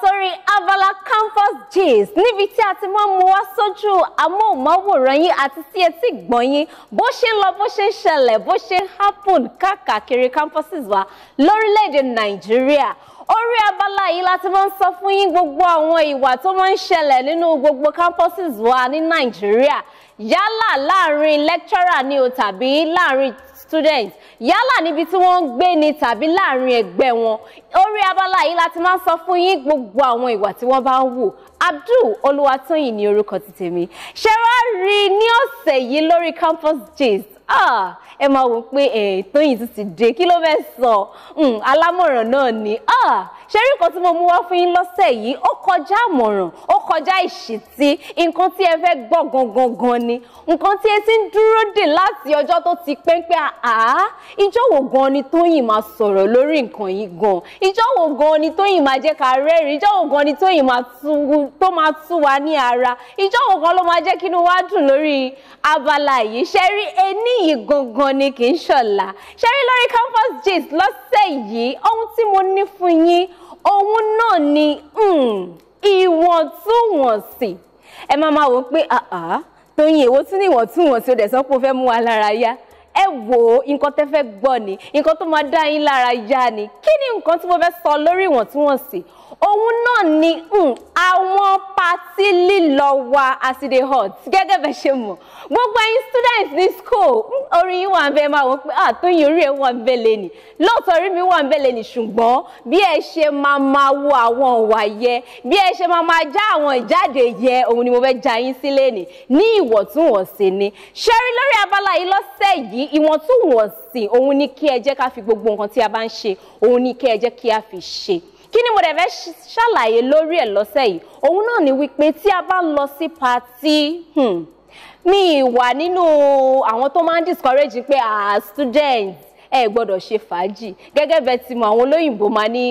sórí abala campus gist níbi tí a ti máa ń mú wá sójú amóhùnmáwòrán yín àti sí etí gbọ̀n yín bó ṣe ń lọ bó ṣe ń ṣẹlẹ̀ bó ṣe ń happen káàkiri campuses wa lórílẹ̀‐èdè nàìjíríà orí abala yìí láti máa ń sọ fún yín gbogbo àwọn ìwà tó máa ń ṣẹlẹ̀ nínú gbogbo campuses wa ní nàìjíríà yálà láàrin lecturer ni o tàbí láàrin Students, yálà níbi tí wọ́n ń gbé ni tàbí láàrin ẹgbẹ́ wọn orí abala yìí láti máa ń sọ fún yín gbogbo àwọn ìwà tí wọ́n bá ń wù Abdul Olúwatóyìn ní orúkọ ti tèmi ṣé wàá rí i ní ọ̀sẹ̀ yìí lórí Campus Gist ah ẹ máa wò pé ẹ Tóyìn ti ti dé kí ló fẹ́ sọ hmm, alámọ̀ràn náà ni ah ṣe rí nǹkan tí mo mú wá fún yín lọ́sẹ̀ yìí ó kọjá àmọ̀ràn ó kọjá ìṣítí nǹkan tí ẹ fẹ́ gbọ́ gangan gan ni nǹkan tí ẹ ti ń dúró dè láti ọjọ́ tó ti pẹ́ńpẹ́ àá ìjọ́ wo gan ni Tóyìn máa sọ̀rọ̀ lórí nǹkan yìí gan ìjọ́ wo gan ni Tóyìn máa jẹ́ ká rẹ́rìn ìjọ́ gan ni Tóyìn tó máa tú wa ní ara ìjọ́ gan ló máa jẹ́ kínú wa dùn lórí abala yìí ṣe rí yìí gangan ni kì í ṣọ̀la ṣe lórí campus gist lọ́sẹ̀ yìí ohun tí mo ní fún yín òun náà ni hmm, ìwọ̀ntúnwọ̀nsì ẹ máa máa wò ó pé Tóyìn èwo tún ní ìwọ̀ntúnwọ̀nsì ó dẹ̀ sọ pé ó fẹ́ mú wa lára yá ẹ wò ó nǹkan tẹ́ fẹ́ gbọ́ ni nǹkan tó máa dá yín lára yá ni kí ni nǹkan tí mo fẹ́ sọ lórí ìwọ̀ntúnwọ̀nsì òun náà ni hmm, àwọn patí lílọ wa àsìdè hot gẹ́gẹ́ bẹ́ẹ̀ ṣe mọ̀ gbogbo ẹ̀yin students ní school hmm, orí yín wà ń bẹ máa wọ pé àtúnyìn ah, orí ẹ̀ wà ń bẹ lẹ́nì lóòótọ́ orí mi wà ń bẹ lẹ́nì ṣùgbọ́n bí ẹ ṣe máa máa wo àwọn ọ̀wà yẹ bí ẹ ṣe máa máa já àwọn ìjáde yẹ òun ni mo fẹ́ ja yín sí lẹ́nì ní ìwọ̀ntúnwọ̀nsì ni ṣẹ́rí lórí abala yìí lọ́sẹ̀ yìí ìwọ̀ntúnwọ̀nsì òun ni kí ẹ jẹ́ ká fi gbogbo nǹkan tí a bá ń ṣe òun ni kí ẹ jẹ́ kí a fi ṣe kí ni mo dẹ̀ fẹ́ ṣàlàyé lórí ẹ̀ lọ́sẹ̀ yìí òun náà ni wípé tí a bá lọ sí patí hmm, mi wà nínú àwọn tó máa ń discourage pé ah students ẹ gbọ́dọ̀ ṣe fàájì gẹ́gẹ́ bẹ́ẹ̀ ti mọ àwọn olóyìnbó máa ní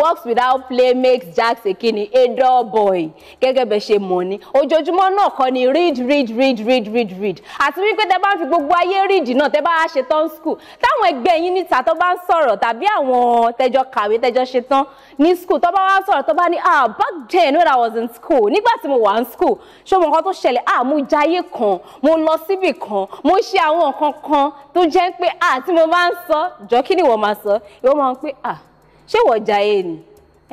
works without play makes Jack sekini a dull boy gẹ́gẹ́ bẹ́ẹ̀ ṣe mọ̀ ni ojoojúmọ́ náà kọ́ ni read read read read read read àti wípé tẹ bá ń fi gbogbo ayé read náà tẹ bá a ṣe tán school táwọn ẹgbẹ́ yín níta tó bá ń sọ̀rọ̀ tàbí àwọn tẹjọ kàwé tẹjọ ṣe tán ní school tó bá wá sọ̀rọ̀ tó bá ní ah back then when I was in school nígbà tí mo wà ní school ṣé mo nǹkan tó ṣẹlẹ̀ ah mo jayé kan mo lọ síbì kan mo ṣe àwọn nǹkan kan tó jẹ́ pé ah tí mo b bá ń sọ jọ kí ni wọ́n máa sọ ìwọ́n máa ń pé à ṣé wọ́n jà ẹ́ ni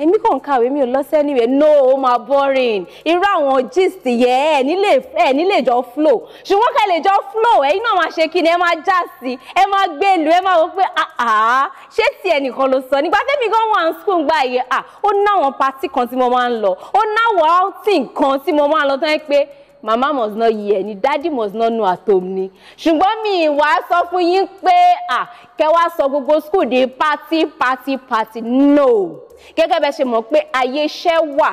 èmi kàn ń mi ò lọ sẹ́niwẹ̀ no ó máa boring irú àwọn gist yẹ ẹ nílé ẹ nílé jọ flow ṣùgbọ́n ká lè jọ flow ẹ̀yin náà máa ṣe kí ni ẹ máa já sí ẹ máa gbé ìlú ẹ máa wọ pé àá ṣé tí ẹnìkan ló sọ nígbà tẹ́mi gan wà ní school gbà yẹ à ó náwọn party kan tí mo máa ń lọ ó náwọn outing kan tí mo máa ń lọ tán ẹ pé mama must not hear ni daddy must not know at home ni ṣùgbọ́n mi wá sọ fún yín pé à kẹ wá sọ gbogbo school di party party party no gẹ́gẹ́ bẹ́ẹ̀ ṣe mọ̀ pé ayé iṣẹ́ wà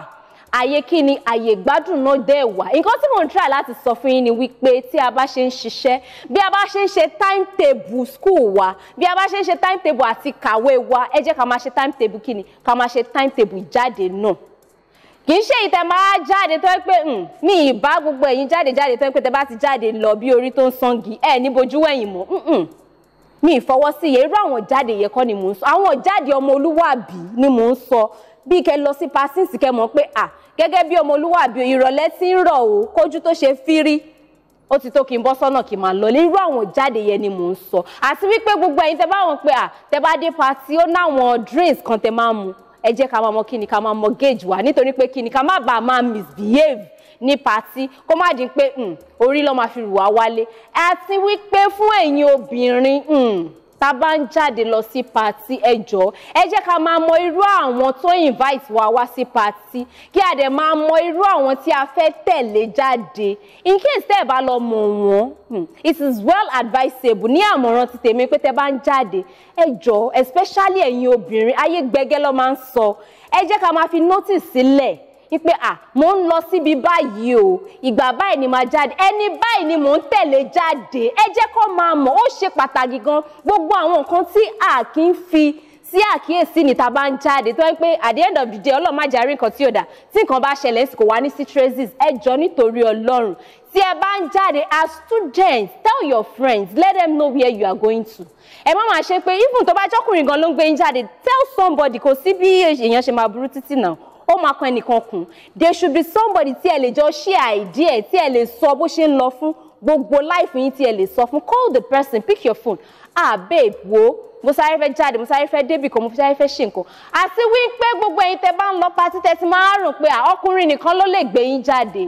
ayé kí ni ayé gbádùn náà dé wà nǹkan tí mò ń try láti sọ fún yín ni wípé tí a bá ṣe ń ṣiṣẹ́ bí a bá ṣe ń ṣe timetable school wa Bi a bá ṣe ń ṣe timetable ati kawe wa ẹ jẹ́ ká máa ṣe timetable kini. ni ká ṣe timetable ìjáde náà. No kì í ṣe ìtẹ̀ máa jáde tó ẹ pé hmm, mi ìbá gbogbo ẹ̀yin jáde jáde tó ẹ pé tẹ bá ti jáde lọ bí orí tó ń sangi ẹ ní bojú ẹ̀yìn mọ́ mi ìfọwọ́ sí yẹ irú àwọn jáde yẹ kọ́ ni mò ń sọ àwọn jáde ọmọ olúwàbí ni mò ń sọ bí kẹ lọ sí pasins kẹ mọ̀ pé à gẹ́gẹ́ bí ọmọ olúwàbí ìrọ̀lẹ́ tí ń rọ̀ o kójú tó ṣe fírí ó ti tó kí n bọ́ sọ́nà kí n máa lọ irú àwọn jáde yẹn ni mò ń sọ àti wípé gbogbo ẹ̀yin tẹ bá wọn pé à tẹ bá dé pati ó náwọn drinks kan tẹ máa mu ẹ jẹ́ ká máa mọ kíni ká máa mọ gauge wa nítorí pé kíni ká má bàa máa misbehave ní patí kó má di pé hmm, orí ló máa fi rù wá wálé àti wípé fún ẹ̀yin obìnrin hmm, tá a bá ń jáde lọ sí pàtí ẹjọ́ ẹ jẹ́ ká máa mọ irú àwọn tó invite wa wá sí pàtí kí a dẹ̀ máa mọ irú àwọn tí a fẹ́ tẹ̀lé jáde in case tẹ́ ẹ bá lọ mọ̀ wọ́n hmm, it is well advisable ní àmọ̀ràn ti tèmi pé tẹ́ bá ń jáde ẹjọ́ especially ẹ̀yin obìnrin ayé gbẹgẹ́ ló máa ń sọ ẹ jẹ́ ká máa fi notice sílẹ̀. Si wípé à mò ń lọ síbi báyìí o ìgbà báyìí ni màá jáde ẹni báyìí ni mò ń tẹ̀lé jáde ẹ jẹ́ kó máa mọ̀ ó ṣe pàtàkì gan gbogbo àwọn nǹkan tí a kì í fi sí àkíyèsí ni tá bá ń jáde tó ń pé at the end of the day ọlọ́run má jẹ́ àrí nǹkan tí ò dà tí nǹkan bá ṣẹlẹ̀ sí kò wá ní citruses ẹ jọ nítorí ọlọ́run tí ẹ bá ń jáde as students tell your friends let them know where you are going to ẹ má máa ṣe pé even tó bá jọkùnrin gan ló ń gbé ń jáde tell somebody kò sí bí èèyàn ṣe máa burú títí náà ó máa kan ẹnìkan kùn there should be somebody tí ẹ lè jọ share idea tí ẹ lè sọ bó ṣe ń lọ fún gbogbo life yín tí ẹ lè sọ fún call the person pick your phone ah babe wo mo sáré fẹ́ jáde mo sáré fẹ́ débì kan mo sáré fẹ́ ṣe nǹkan àti wípé gbogbo ẹ̀yin tẹ́ bá ń lọ patí tẹ́ ti máa rùn pé ọkùnrin nìkan ló lè gbé yín jáde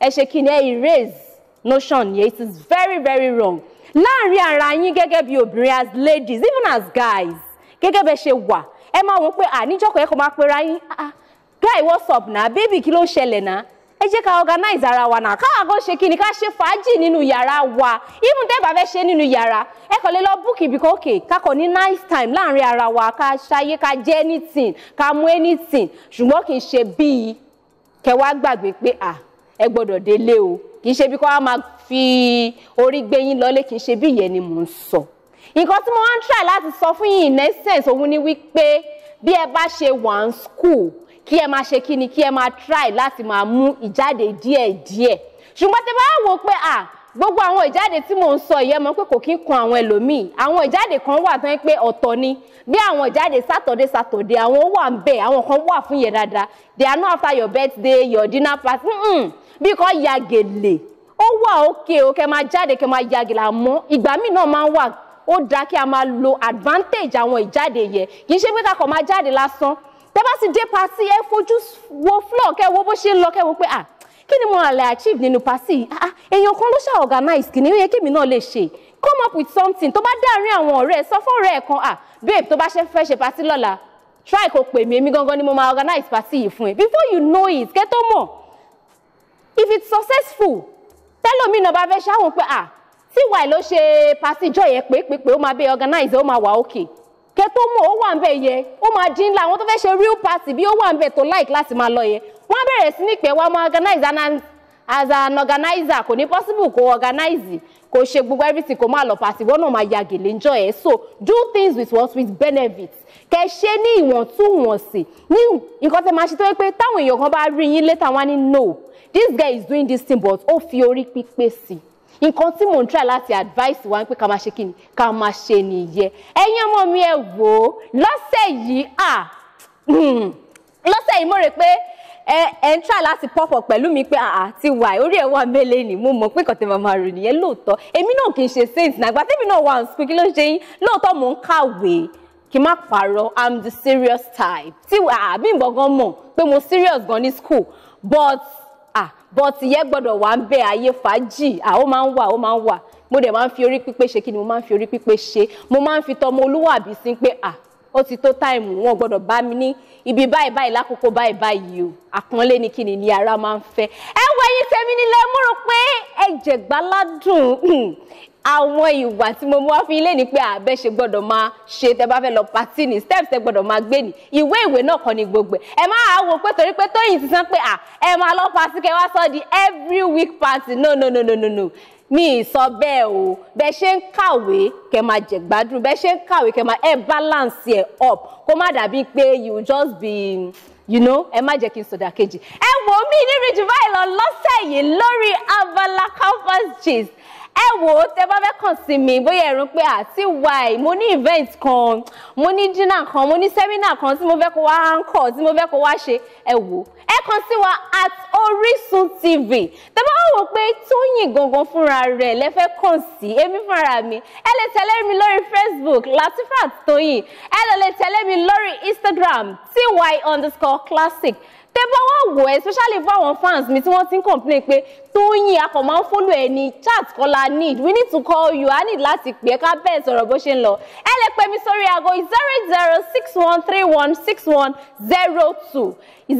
ẹ ṣe kí ni ẹ erase notion yẹn it is very very wrong láàrin ara yín gẹ́gẹ́ bí obìnrin as ladies even as guys gẹ́gẹ́ bẹ́ẹ̀ ṣe wà ẹ máa wọ́n pé àníjọ́kọ̀ yẹ kó máa pera yín ah ah guy what's up na baby kí ló ṣẹlẹ̀ náà ẹ jẹ́ organize ara wa na káwa gan ṣe kíni ká ṣe fàájì nínú yàrá wa even tẹ́ bá fẹ́ ṣe nínú yàrá ẹ kàn lè lọ book ibi kan òkè kakọ̀ ní nice time láàrin ara wa ká ṣayé ká jẹ anything ká mú anything ṣùgbọ́n kì í ṣe bíi kẹwàá gbàgbé pé à ẹ gbọ́dọ̀ délé o kì í ṣe bí kọ́ wa fi orí gbé yín lọ́lé kì í ṣe bí ni mò ń sọ nǹkan tí mo wá ń try láti sọ fún yín in essence òun ni wípé bí ẹ bá ṣe wà ń school kí ẹ máa ṣe kí ni kí ẹ máa try láti máa mú ìjáde díẹ̀ díẹ̀ ṣùgbọ́n tí bá wò pé à gbogbo àwọn ìjáde tí mò ń sọ yìí ẹ mọ̀ pé kò kí ń kan àwọn ẹlòmíì àwọn ìjáde kan wà tán pé ọ̀tọ̀ ni bí àwọn ìjáde sátọ̀dé sátọ̀dé àwọn wà ń bẹ̀ àwọn kan wà fún yẹn dáadáa they are not after your birthday your dinner party mm-mm, bí kò ya gèlè ó wà òkè o kẹ máa jáde kẹ máa ya gèlè àmọ́ ìgbà míì náà máa ń wà ó dáa kí a máa lo advantage àwọn ìjáde yẹn kì í ṣe pé kakọ̀ máa jáde lásán tẹ́ bá sì dé pàtí ẹ fojú wo floor kẹ́ wo bó ṣe ń lọ kẹ́ wo pé ah kí ni mo lè achieve nínú pàtí ah, ah èèyàn kan ló ṣà organize kìnìún yẹ kí mi náà lè ṣe come up with something tó bá dáàrin àwọn ọ̀rẹ́ ẹ sọ fún ọ̀rẹ́ ẹ kan ah babe tó bá ṣe fẹ́ ṣe pàtí lọ́la try kó pè mí èmi gangan ni mo máa organize pàtí yìí fún ẹ before you know it kẹ́ tó mọ̀ if it's successful tẹ́lòmínà bá fẹ́ ṣáwọn pé ah tí wàá ló ṣe pàtí jọ yẹn pé pé pé ó máa bẹ organize ó máa wà okay iye tó mọ̀ ó wà ń bẹ̀ yẹn ó máa dín ńlá àwọn tó fẹ́ ṣe real party bí ó wà ń bẹ̀ tó like láti máa lọ yẹn wọ́n á bẹ̀rẹ̀ sí ní pé wọ́n á máa organize as an organizer kò ní possible kó organize kò ṣe gbogbo everything kò máa lọ party wọn náà máa ya gèlè ńjọ ẹ so do things with what with benefit kẹ ṣe ní ìwọ̀ntúnwọ̀nsì ní nǹkan tẹ máa ṣe tó yẹ pé táwọn èèyàn kan bá rí yín later wọn á ní no this guy is doing this thing but ó fi orí pípé sí i nǹkan tí mò ń try láti advice wa pé ká máa ṣe kíni ká máa ṣe nìyẹn ẹ̀yin ọmọ mi ẹ wò ó lọ́sẹ̀ yìí à hmm, lọ́sẹ̀ yìí mo rè pé ẹ ẹ ń try láti pọ́pọ̀ pẹ̀lú mi pé àà ti wà orí ẹ̀ wà mélé ni mo mọ̀ pé kọ̀tẹ́ màmá rò nìyẹn lóòótọ́ èmi náà kì í ṣe saint nàgbà tẹ́mi náà wà ń sùn kí ló ń ṣe yín lóòótọ́ mò ń kàwé kí n má parọ́ i'm the serious type tí àbí ìbọn gan mọ̀ pé mo serious gan ní school but bọ́ọ̀tì yẹn gbọ́dọ̀ wà ń bẹ ayé fàájì ó máa ń wà ó máa ń wà mo dẹ̀ máa ń fi orí pípé ṣe kí ni mo máa ń fi orí pípé ṣe mo máa ń fi tọmọ olúwàbí sí pé ó ti tó táìmù wọn gbọ́dọ̀ bá mi ní ibi báyìí báyìí lákòókò báyìí báyìí o àpọ́nlé ni kí ni ni ara máa ń fẹ́ ẹ wọ tèmi nílẹ̀ mo rò pé ẹ̀jẹ̀ gbáládùn àwọn ìwà tí mo mú wá fún ilé ni pé àbẹ ṣe gbọ́dọ̀ máa ṣe tẹ́ bá fẹ́ lọ pàtí ní steps tẹ́ gbọ́dọ̀ máa gbé ní ìwé ìwé náà kọ́ ni gbogbo ẹ máa wò pé torí pé Tóyìn ti sàn pé à ẹ máa lọ pàtí kẹ́ wá sọ di every week party no no no no no no mi ì sọ bẹ́ẹ̀ o bẹ́ẹ̀ ṣe ń kàwé kẹ́ máa jẹ̀gbádùn bẹ́ẹ̀ ṣe ń kàwé kẹ́ máa ẹ̀ balance ẹ̀ up kó má dàbí pé you just be you know ẹ má jẹ́ kí n sọ̀dà kejì ẹ wò mí ní ríjì báyìí lọ lọ́sẹ̀ yìí lórí abala campus gist ẹ wò ó tẹ bá fẹ́ kàn sí mi bóyá ẹ̀rù pé àti wáì mo ní event kan mo ní dinner kan mo ní seminar kan tí mo fẹ́ kó wá áńkọ̀ tí mo fẹ́ kó wá ṣe ẹ wò ẹ kàn sí wa at Orísun TV tẹ bá wò pé Tóyìn gangan fúnra rẹ̀ lẹ fẹ́ kàn sí èmi fúnra mi ẹ lè tẹ̀lé mi lórí Facebook Latifat Tóyìn ẹ lè tẹ̀lé mi lórí Instagram ty underscore classic tẹ bá wá wò ẹ especially fún àwọn fans mi tí wọ́n ti ń complain pé Tóyìn akọ̀ máa ń fọ́lọ̀ ẹ ní chat kọ́lá need we need to call you I need láti pè é ká bẹ́ẹ̀ sọ̀rọ̀ bó ṣe ń lọ ẹ lè pè mí sórí aago zero eight zero six one three one six one zero two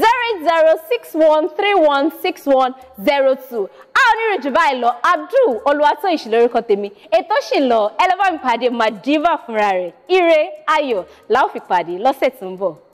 zero eight zero six one three one six one zero two a ò ní rìn jù báyìí lọ Abdul Olúwatóyìn sí lórúkọ tèmi ètò ṣì ń lọ ẹ lọ bá mi pàdé Madiva fúnra rẹ̀ ire Ayọ. la ó fi pàdé lọ́sẹ̀ tó ń bọ̀.